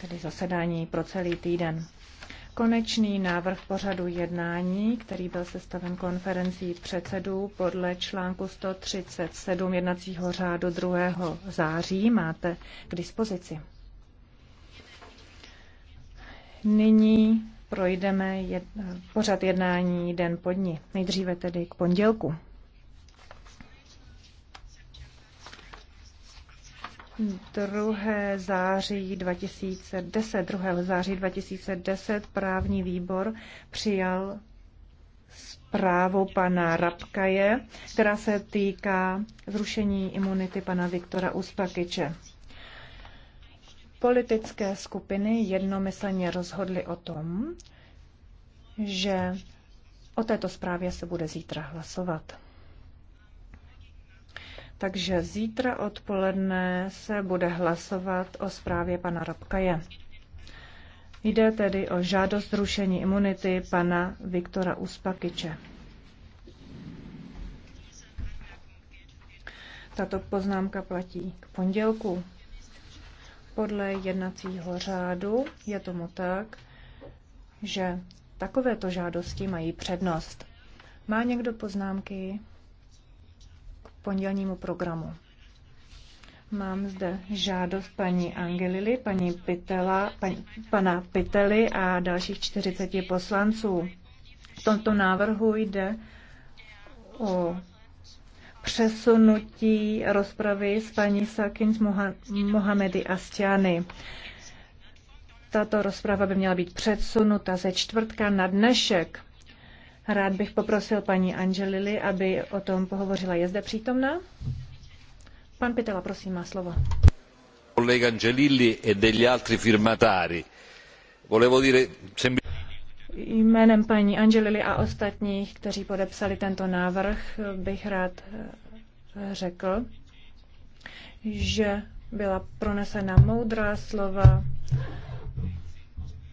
tedy zasedání pro celý týden. Konečný návrh pořadu jednání, který byl sestaven konferencí předsedů podle článku 137 jednacího řádu 2. září, máte k dispozici. Nyní projdeme jed, pořad jednání den po dní, nejdříve tedy k pondělku. 2. září 2010, 2. září 2010 právní výbor přijal zprávu pana Rabkaje, která se týká zrušení imunity pana Viktora Uspakyče. Politické skupiny jednomyslně rozhodly o tom, že o této zprávě se bude zítra hlasovat. Takže zítra odpoledne se bude hlasovat o zprávě pana Robkaje. Jde tedy o žádost zrušení imunity pana Viktora Uspakiče. Tato poznámka platí k pondělku. Podle jednacího řádu je tomu tak, že takovéto žádosti mají přednost. Má někdo poznámky? pondělnímu programu. Mám zde žádost paní Angelily, paní Pitela, paní, pana Pitely a dalších 40 poslanců. V tomto návrhu jde o přesunutí rozpravy s paní Sakins Mohamedy Astiany. Tato rozprava by měla být předsunuta ze čtvrtka na dnešek. Rád bych poprosil paní Angelili, aby o tom pohovořila. Je zde přítomná? Pan Pitela, prosím, má slovo. Kolega Angelilli e degli altri firmatari. Volevo dire Jménem paní Angelili a ostatních, kteří podepsali tento návrh, bych rád eh, řekl, že byla pronesena moudrá slova,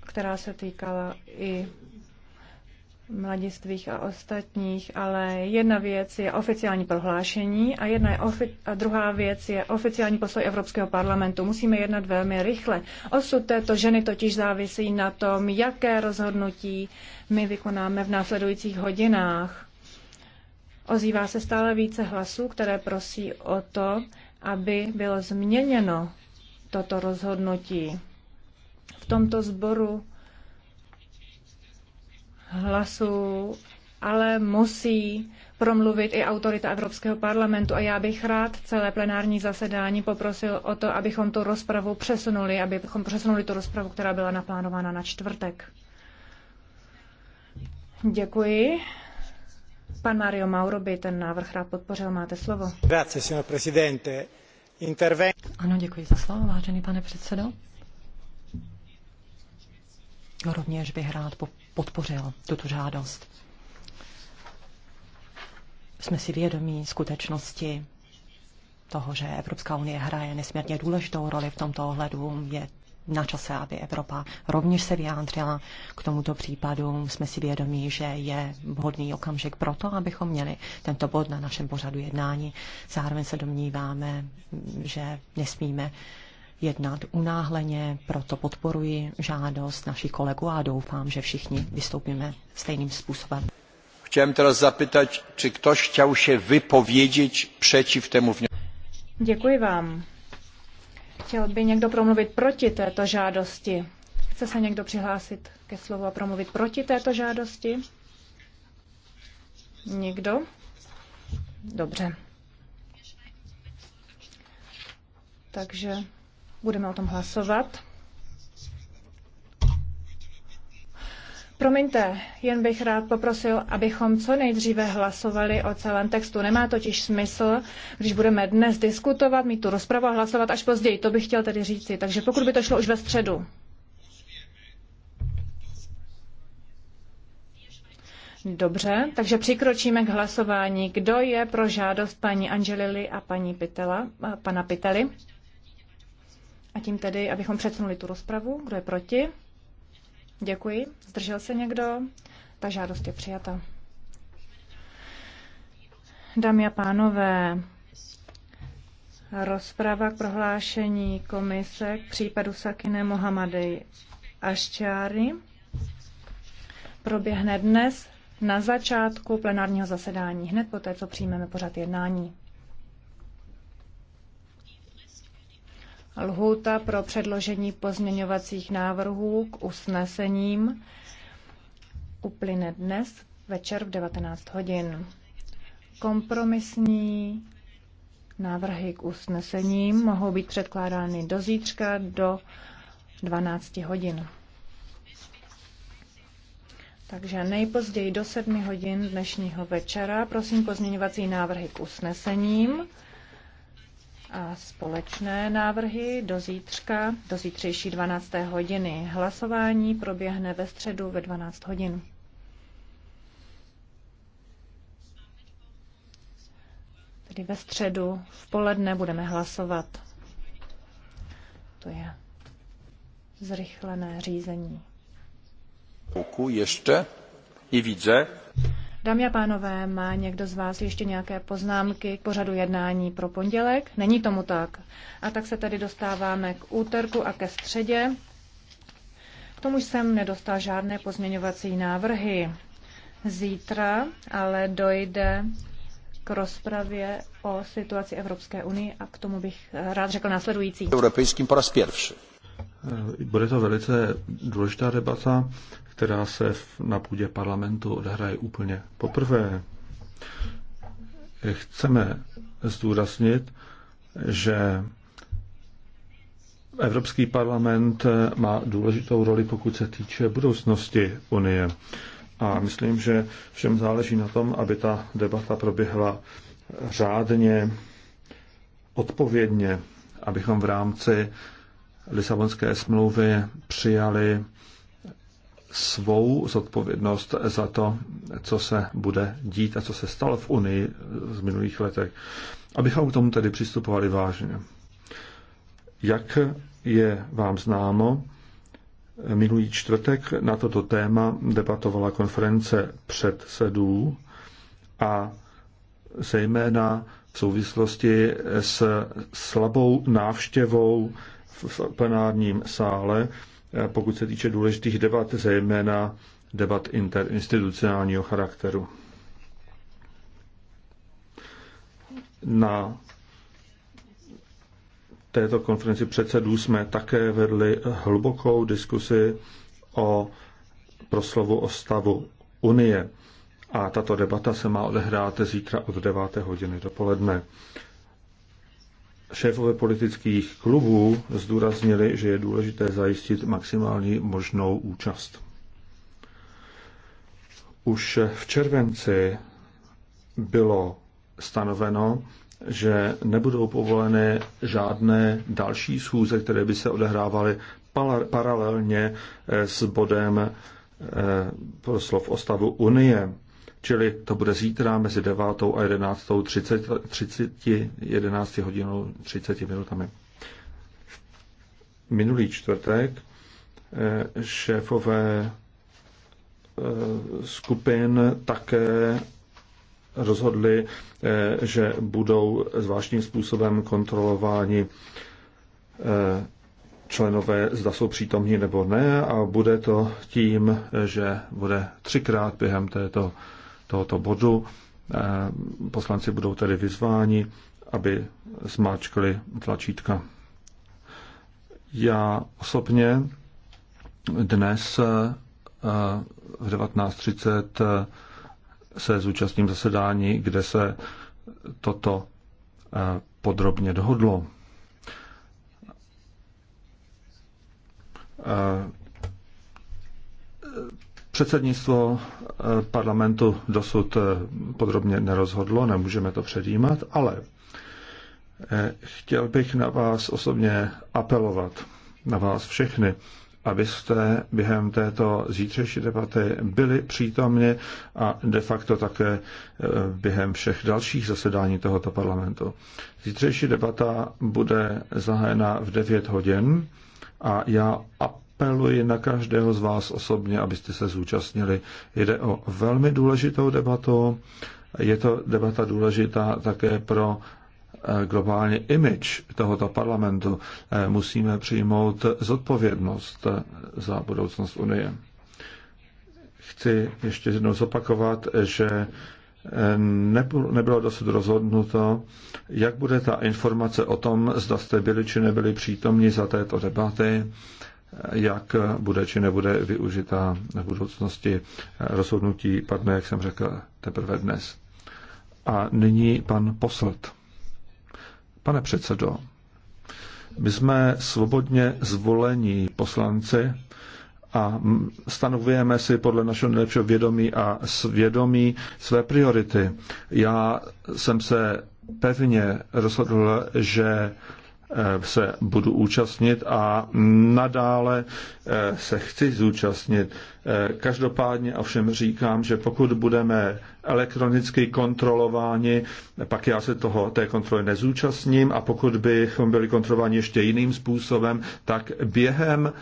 která se týkala i mladistvých a ostatních, ale jedna věc je oficiální prohlášení a, jedna je ofi- a druhá věc je oficiální postoj Evropského parlamentu. Musíme jednat velmi rychle. Osud této ženy totiž závisí na tom, jaké rozhodnutí my vykonáme v následujících hodinách. Ozývá se stále více hlasů, které prosí o to, aby bylo změněno toto rozhodnutí. V tomto sboru Hlasu, ale musí promluvit i autorita Evropského parlamentu a já bych rád celé plenární zasedání poprosil o to, abychom tu rozpravu přesunuli, abychom přesunuli tu rozpravu, která byla naplánována na čtvrtek. Děkuji. Pan Mario Mauro by ten návrh rád podpořil. Máte slovo. Grazie, signor presidente. Interven... Ano, děkuji za slovo, vážený pane předsedo. Rovněž bych rád podpořil tuto žádost. Jsme si vědomí skutečnosti toho, že Evropská unie hraje nesmírně důležitou roli v tomto ohledu. Je na čase, aby Evropa rovněž se vyjádřila k tomuto případu. Jsme si vědomí, že je vhodný okamžik pro to, abychom měli tento bod na našem pořadu jednání. Zároveň se domníváme, že nesmíme jednat unáhleně, proto podporuji žádost našich kolegů a doufám, že všichni vystoupíme stejným způsobem. Chciałem teraz či czy ktoś se vypovědět přeči v temu wnioskowi. Děkuji vám. Chtěl by někdo promluvit proti této žádosti? Chce se někdo přihlásit ke slovu a promluvit proti této žádosti? Nikdo? Dobře. Takže Budeme o tom hlasovat. Promiňte, jen bych rád poprosil, abychom co nejdříve hlasovali o celém textu. Nemá totiž smysl, když budeme dnes diskutovat, mít tu rozpravu a hlasovat až později. To bych chtěl tedy říci. Takže pokud by to šlo už ve středu. Dobře, takže přikročíme k hlasování. Kdo je pro žádost paní Angelily a paní Pitela, pana Pitely? A tím tedy, abychom předsunuli tu rozpravu. Kdo je proti? Děkuji. Zdržel se někdo? Ta žádost je přijata. Dámy a pánové, rozprava k prohlášení komise k případu Sakine Mohamady Aščáry proběhne dnes na začátku plenárního zasedání, hned poté, co přijmeme pořad jednání. Lhůta pro předložení pozměňovacích návrhů k usnesením uplyne dnes večer v 19 hodin. Kompromisní návrhy k usnesením mohou být předkládány do zítřka do 12 hodin. Takže nejpozději do 7 hodin dnešního večera prosím pozměňovací návrhy k usnesením a společné návrhy do zítřka, do zítřejší 12. hodiny. Hlasování proběhne ve středu ve 12 hodin. Tedy ve středu v poledne budeme hlasovat. To je zrychlené řízení. Ještě i vidze. Dámy a pánové, má někdo z vás ještě nějaké poznámky k pořadu jednání pro pondělek? Není tomu tak. A tak se tady dostáváme k úterku a ke středě. K tomu jsem nedostal žádné pozměňovací návrhy. Zítra ale dojde k rozpravě o situaci Evropské unie a k tomu bych rád řekl následující. Evropským Bude to velice důležitá debata, která se na půdě parlamentu odhraje úplně poprvé. Chceme zdůraznit, že Evropský parlament má důležitou roli, pokud se týče budoucnosti Unie. A myslím, že všem záleží na tom, aby ta debata proběhla řádně, odpovědně, abychom v rámci Lisabonské smlouvy přijali svou zodpovědnost za to, co se bude dít a co se stalo v Unii z minulých letech. Abychom k tomu tedy přistupovali vážně. Jak je vám známo, minulý čtvrtek na toto téma debatovala konference předsedů a zejména v souvislosti s slabou návštěvou v plenárním sále Eh, pokud se týče důležitých debat, zejména debat interinstitucionálního charakteru. Na této konferenci předsedů jsme také vedli hlubokou diskusi o proslovu o stavu Unie. A tato debata se má odehrát zítra od 9. hodiny dopoledne. Šéfové politických klubů zdůraznili, že je důležité zajistit maximální možnou účast. Už v červenci bylo stanoveno, že nebudou povoleny žádné další schůze, které by se odehrávaly paralelně eh, s bodem eh, proslov o stavu Unie čili to bude zítra mezi 9. a 11. 30, 30, 11 hodinou 30 minutami. Minulý čtvrtek eh, šéfové eh, skupin také rozhodli, eh, že budou zvláštním způsobem kontrolováni členové, zda jsou přítomní nebo ne, a bude to tím, že bude třikrát během této tohoto bodu. Eh, poslanci budou tedy vyzváni, aby zmáčkli tlačítka. Já osobně dnes eh, v 19.30 eh, se zúčastním zasedání, kde se toto podrobně dohodlo. Předsednictvo eh, parlamentu dosud eh, podrobně nerozhodlo, nemůžeme to předjímat, ale eh, chtěl bych na vás osobně apelovat, na vás všechny, abyste během této zítřejší debaty byli přítomni a de facto také během všech dalších zasedání tohoto parlamentu. Zítřejší debata bude zahájena v 9 hodin a já apeluji na každého z vás osobně, abyste se zúčastnili. Jde o velmi důležitou debatu. Je to debata důležitá také pro eh, globálně image tohoto parlamentu. Eh, musíme přijmout zodpovědnost eh, za budoucnost Unie. Chci ještě jednou zopakovat, že nebylo dosud rozhodnuto, jak bude ta informace o tom, zda jste byli či nebyli přítomni za této debaty jak bude či nebude využita v budoucnosti. Rozhodnutí padne, jak jsem řekl, teprve dnes. A nyní pan poslet. Pane předsedo, my jsme svobodně zvolení poslanci a stanovujeme si podle našeho nejlepšího vědomí a svědomí své priority. Já jsem se pevně rozhodl, že Eh, se budu účastnit a nadále eh, se chci zúčastnit. Eh, každopádně ovšem říkám, že pokud budeme elektronicky kontrolováni, pak já se toho, té kontroly nezúčastním a pokud bychom byli kontrolováni ještě jiným způsobem, tak během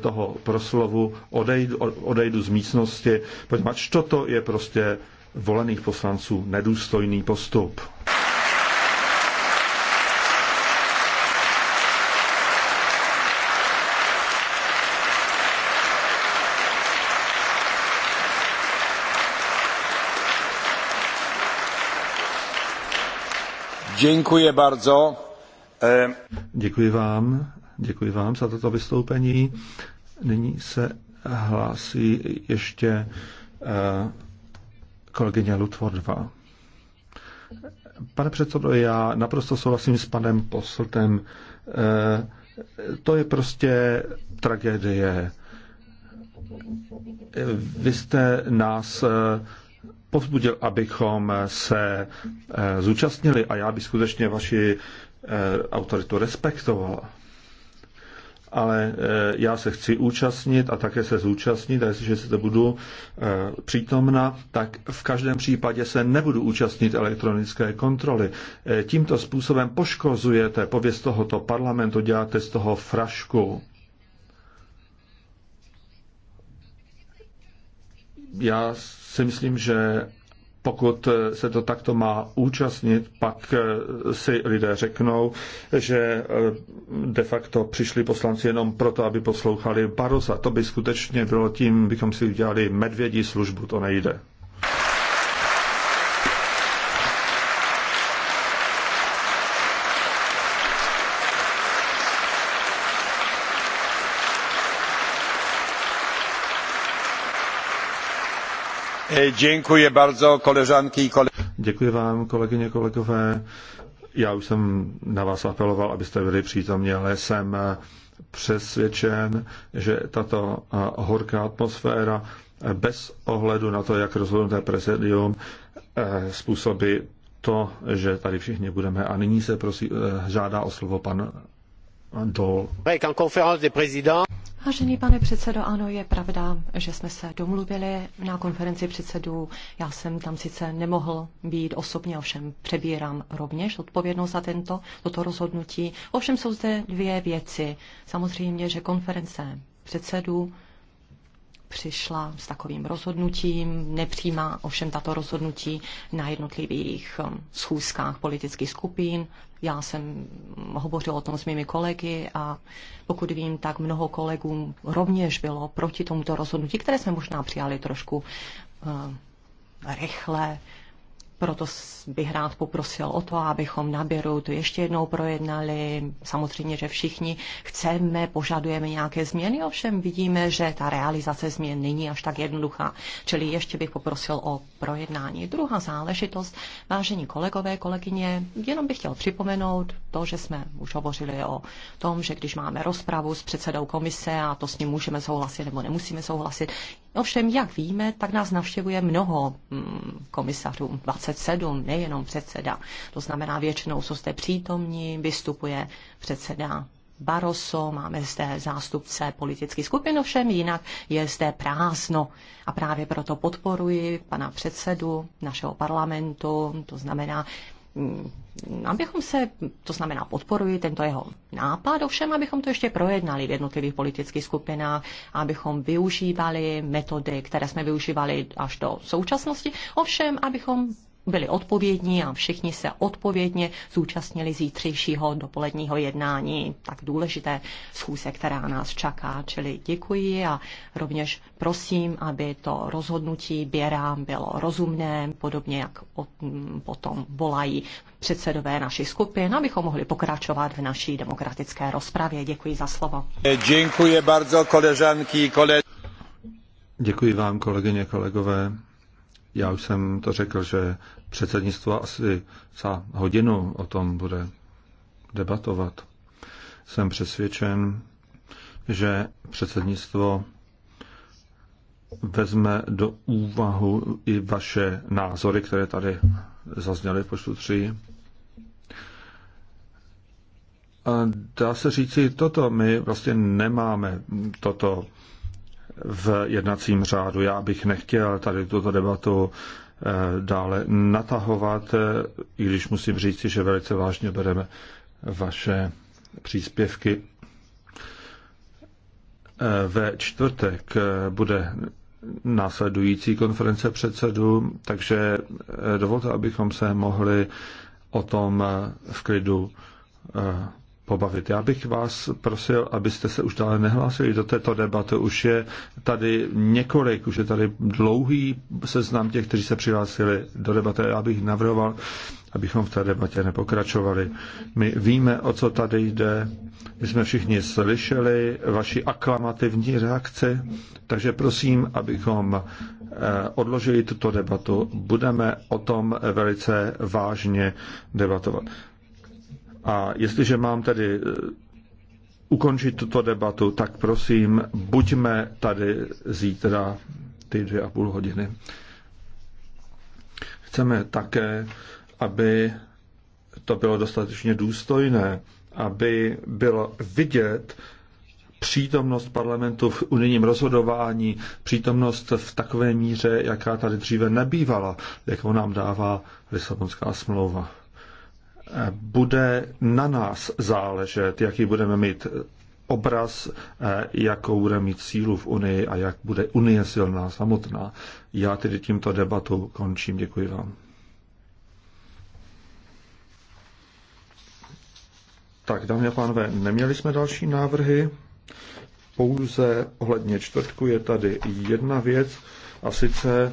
toho proslovu odejdu, odejdu z místnosti, protože toto je prostě volených poslanců nedůstojný postup. Děkuji bardzo. E, děkuji vám. Děkuji vám za toto vystoupení. Nyní se hlásí ještě e, kolegyně Lutvordva. Pane předsedo, já naprosto souhlasím s panem Posltem. E, to je prostě tragédie. Vy jste nás povzbudil, abychom se eh, zúčastnili a já bych skutečně vaši eh, autoritu respektoval. Ale eh, já se chci účastnit a také se zúčastnit, a jestliže se to budu přítomna, tak v každém případě se nebudu účastnit elektronické kontroly. Tímto způsobem poškozujete pověst tohoto parlamentu, děláte z toho frašku. Já si myslím, že pokud se to takto má účastnit, pak si lidé řeknou, že de facto přišli poslanci jenom proto, aby poslouchali Barosa. To by skutečně bylo tím, bychom si udělali medvědí službu, to nejde. Eh, Děkuji bardzo, koleżanki i Děkuji vám, kolegyně, kolegové. Já už jsem na vás apeloval, abyste byli přítomni, ale jsem eh, přesvědčen, že tato eh, horká atmosféra bez ohledu na to, jak rozhodnuté prezidium způsobí to, že tady všichni budeme. A nyní se prosí, žádá o slovo pan Dol. Vážený pane předsedo, ano, je pravda, že jsme se domluvili na konferenci předsedů. Já jsem tam sice nemohl být osobně, ovšem přebírám rovněž odpovědnost za tento, toto rozhodnutí. Ovšem jsou zde dvě věci. Samozřejmě, že konference předsedů přišla s takovým rozhodnutím, nepřijímá ovšem tato rozhodnutí na jednotlivých um, schůzkách politických skupin. Já jsem hovořila o tom s mými kolegy a pokud vím, tak mnoho kolegů rovněž bylo proti tomuto rozhodnutí, které jsme možná přijali trošku uh, rychle, proto bych rád poprosil o to, abychom na to ještě jednou projednali. Samozřejmě, že všichni chceme, požadujeme nějaké změny, ovšem vidíme, že ta realizace změn není až tak jednoduchá. Čili ještě bych poprosil o projednání. Druhá záležitost, vážení kolegové, kolegyně, jenom bych chtěl připomenout to, že jsme už hovořili o tom, že když máme rozpravu s předsedou komise a to s ním můžeme souhlasit nebo nemusíme souhlasit, Ovšem, jak víme, tak nás navštěvuje mnoho mm, komisařů, 27, nejenom předseda. To znamená, většinou jsou zde přítomní, vystupuje předseda Baroso, máme zde zástupce politických skupin, ovšem jinak je zde prázdno. A právě proto podporuji pana předsedu našeho parlamentu, to znamená Mm, abychom se, to znamená podporuji tento jeho nápad, ovšem abychom to ještě projednali v jednotlivých politických skupinách, abychom využívali metody, které jsme využívali až do současnosti, ovšem abychom byli odpovědní a všichni se odpovědně zúčastnili zítřejšího dopoledního jednání, tak důležité schůze, která nás čaká, Čili děkuji a rovněž prosím, aby to rozhodnutí Běrám bylo rozumné, podobně jak potom volají předsedové naší skupin, abychom mohli pokračovat v naší demokratické rozpravě. Děkuji za slovo. Děkuji bardzo koleżanki kole... Děkuji vám, kolegyně, kolegové. Já už jsem to řekl, že předsednictvo asi za hodinu o tom bude debatovat. Jsem přesvědčen, že předsednictvo vezme do úvahu i vaše názory, které tady zazněly v počtu tří. A dá se říci toto, my vlastně nemáme toto v jednacím řádu. Já bych nechtěl tady tuto debatu eh, dále natahovat, eh, i když musím říct, že velice vážně bereme vaše příspěvky. Eh, ve čtvrtek bude následující konference předsedů, takže dovolte, abychom se mohli o tom v klidu pobavit. Já bych vás prosil, abyste se už dále nehlásili do této debaty. Už je tady několik, už je tady dlouhý seznam těch, kteří se přihlásili do debaty. Já bych navrhoval, abychom v té debatě nepokračovali. My víme, o co tady jde. My jsme všichni slyšeli vaši aklamativní reakci, takže prosím, abychom eh, odložili tuto debatu. Budeme o tom velice vážně debatovat. A jestliže mám tedy eh, ukončit tuto debatu, tak prosím, buďme tady zítra ty dvě a půl hodiny. Chceme také, aby to bylo dostatečně důstojné, aby bylo vidět přítomnost parlamentu v unijním rozhodování, přítomnost v takové míře, jaká tady dříve nebývala, jakou nám dává Lisabonská smlouva bude na nás záležet, jaký budeme mít obraz, eh, jakou bude mít sílu v Unii a jak bude Unie silná samotná. Já tedy tímto debatu končím. Děkuji vám. Tak, dámy a pánové, neměli jsme další návrhy, pouze ohledně čtvrtku je tady jedna věc, a sice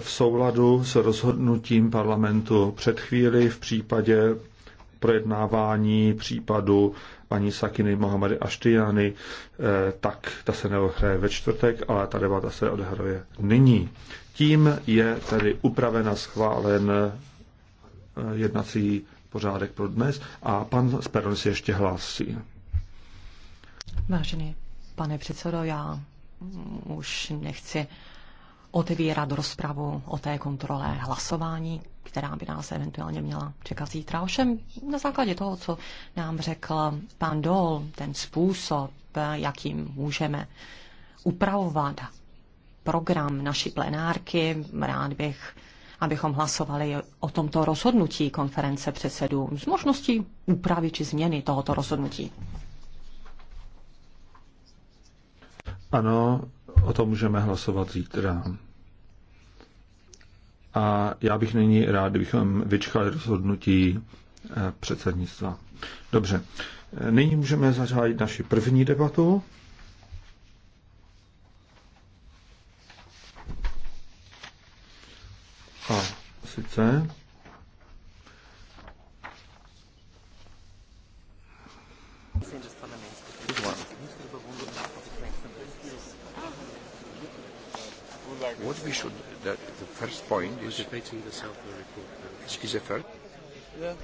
v souladu s rozhodnutím parlamentu před chvíli v případě projednávání případu paní Sakiny Mohamedy Aštiany, eh, tak ta se neohraje ve čtvrtek, ale ta debata se odehraje nyní. Tím je tedy upravena schválen eh, jednací pořádek pro dnes a pan Speron si ještě hlásí. Vážený pane předsedo, já už nechci otevírat rozpravu o té kontrole hlasování, která by nás eventuálně měla čekat zítra. Ovšem na základě toho, co nám řekl pan Dol, ten způsob, jakým můžeme upravovat program naší plenárky, rád bych abychom hlasovali o tomto rozhodnutí konference předsedů s možností úpravy či změny tohoto rozhodnutí. Ano, o tom můžeme hlasovat zítra. A já bych nyní rád, kdybychom vyčkali rozhodnutí eh, předsednictva. Dobře, eh, nyní můžeme zahájit naši první debatu. A sice what we should, the, the first point is... Debating the Southwell report Is, is the first? Yeah.